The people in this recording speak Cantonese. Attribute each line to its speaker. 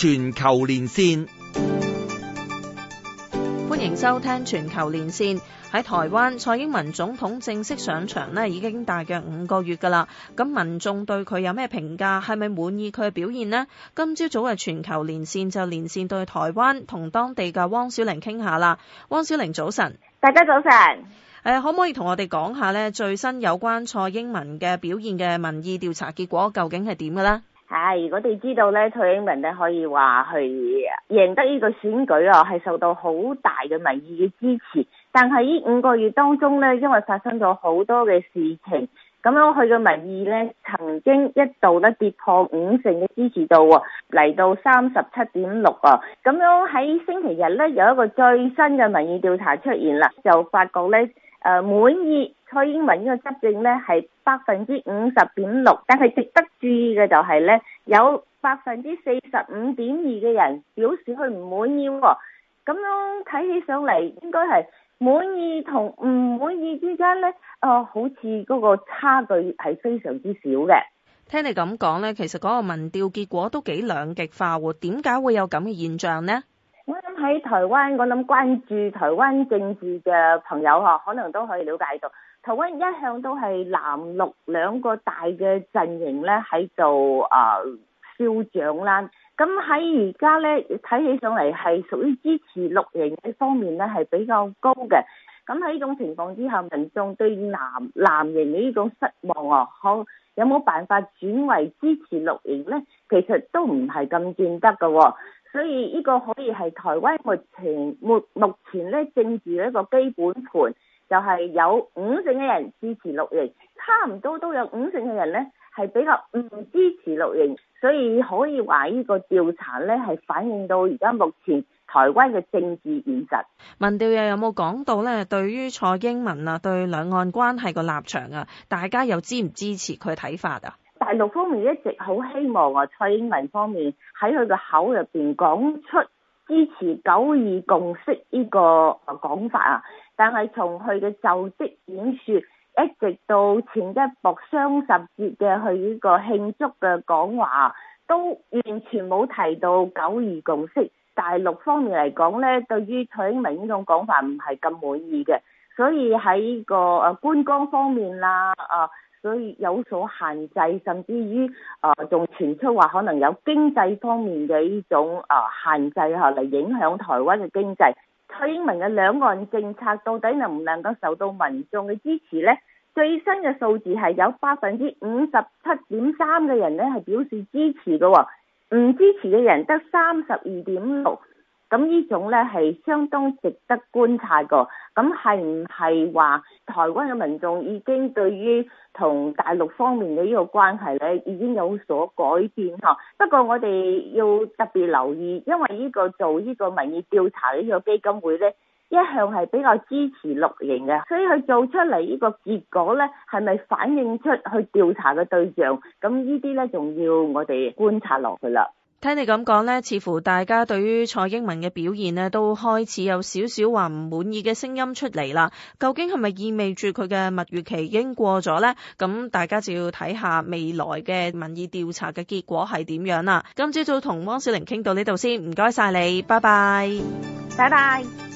Speaker 1: 全球連線，歡迎收聽全球連線。喺台灣，蔡英文總統正式上場已經大約五個月噶啦。咁民眾對佢有咩評價？係咪滿意佢嘅表現呢？今朝早嘅全球連線就連線對台灣同當地嘅汪小玲傾下啦。汪小玲，早晨，大家早晨。誒、呃，可唔可以同我哋講下呢？最新有關蔡英文嘅表現嘅民意調查結果究竟係點嘅呢？
Speaker 2: 係、啊，如果你知道咧，蔡英文咧可以話佢贏得呢個選舉啊，係受到好大嘅民意嘅支持。但係呢五個月當中咧，因為發生咗好多嘅事情，咁樣佢嘅民意咧，曾經一度咧跌破五成嘅支持度啊，嚟到三十七點六啊。咁樣喺星期日咧，有一個最新嘅民意調查出現啦，就發覺咧，誒、呃，滿意。蔡英文呢個執政呢係百分之五十點六，但係值得注意嘅就係呢，有百分之四十五點二嘅人表示佢唔滿意喎。咁樣睇起上嚟，應該係滿意同唔滿意之間呢，誒，好似嗰個差距係非常之少嘅。
Speaker 1: 聽你咁講呢，其實嗰個民調結果都幾兩極化喎。點解會有咁嘅現
Speaker 2: 象呢？我諗喺台灣，我諗關注台灣政治嘅朋友嗬，可能都可以了解到。台灣一向都係藍綠兩個大嘅陣營咧喺度啊消長啦，咁喺而家咧睇起上嚟係屬於支持綠營呢方面咧係比較高嘅，咁喺呢種情況之下，民眾對藍藍營嘅呢種失望啊，好有冇辦法轉為支持綠營咧？其實都唔係咁見得喎、哦。所以呢個可以係台灣目前目目前咧政治嘅一個基本盤。就係有五成嘅人支持綠營，差唔多都有五成嘅人咧，係比較唔支持綠營，所以可以話呢個調查咧係反映到而家目前台灣嘅政治現實。
Speaker 1: 民調又有冇講到咧？對於蔡英文啊，對兩岸關係個立場啊，大家又支唔支持佢睇法啊？
Speaker 2: 大陸方面一直好希望啊，蔡英文方面喺佢個口入面講出，支持九二共識呢個講法啊，但係從佢嘅就職演説，一直到前一博雙十節嘅佢呢個慶祝嘅講話，都完全冇提到九二共識。大陸方面嚟講咧，對於蔡英文呢種講法唔係咁滿意嘅，所以喺呢個啊觀光方面啦啊。所以有所限制，甚至於啊，仲、呃、傳出話可能有經濟方面嘅呢種啊、呃、限制嚇嚟影響台灣嘅經濟。蔡英文嘅兩岸政策到底能唔能夠受到民眾嘅支持呢？最新嘅數字係有百分之五十七點三嘅人咧係表示支持嘅。哦，唔支持嘅人得三十二點六。咁呢種呢，係相當值得觀察過，咁係唔係話台灣嘅民眾已經對於同大陸方面嘅呢個關係呢，已經有所改變嚇？不過我哋要特別留意，因為呢個做呢個民意調查呢個基金會呢，一向係比較支持綠營嘅，所以佢做出嚟呢個結果呢，係咪反映出去調查嘅對象？咁呢啲呢，仲要我哋觀察落去啦。
Speaker 1: 聽你咁講咧，似乎大家對於蔡英文嘅表現咧，都開始有少少話唔滿意嘅聲音出嚟啦。究竟係咪意味住佢嘅蜜月期已經過咗咧？咁大家就要睇下未來嘅民意調查嘅結果係點樣啦。今朝早同汪小玲傾到呢度先，唔該晒你，拜拜，
Speaker 2: 拜拜。